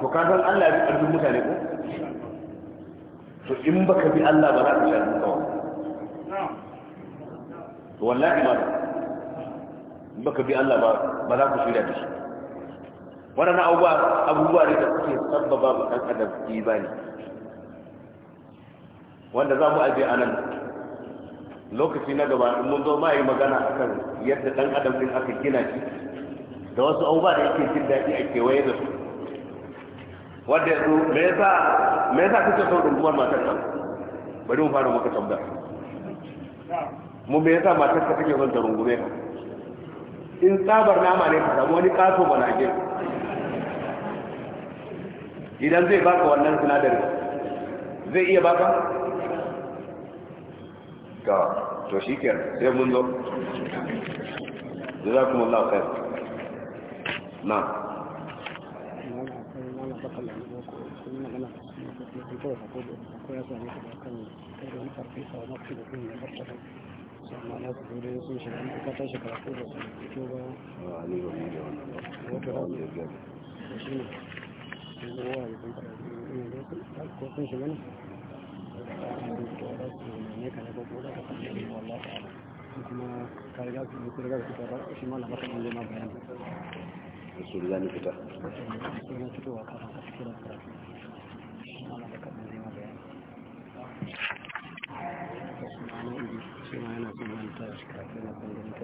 to ka san Allah ya bi ƙarfin mutane ko to in baka bi Allah ba za ka sha duka wannan to wallahi ma baka bi Allah ba ba za ku shirya da shi waɗannan abubuwa abubuwa ne da suke sabbaba ba ɗan adam ne. wanda za mu aje a nan lokaci na gaba in mun zo ma yi magana akan yadda ɗan adam ɗin aka gina shi da wasu abubuwa da yake jin daɗi a kewaye da su wanda yanzu me yasa me yasa kuke son runguwar matar nan bari mu fara muka tambaya mu me yasa matar ka take son ta rungume ka in tsabar nama ne ka samu wani kaso balage idan zai baka wannan sinadarin zai iya baka ga to shi ke sai mun zo jazakum Allah khair na Thank you. ma'ana su dole sun shi an ka tashi karatu da su fito ba a ne ba ne da wannan ba wata shi ne wa ne da su ko sun da su ne ko da ka ta'ala kuma ka riga shi ma na ba kan lema bayan su ni fita ka da karatu shi ma na ba kan lema bayan shi ma yana son manta shi kafin na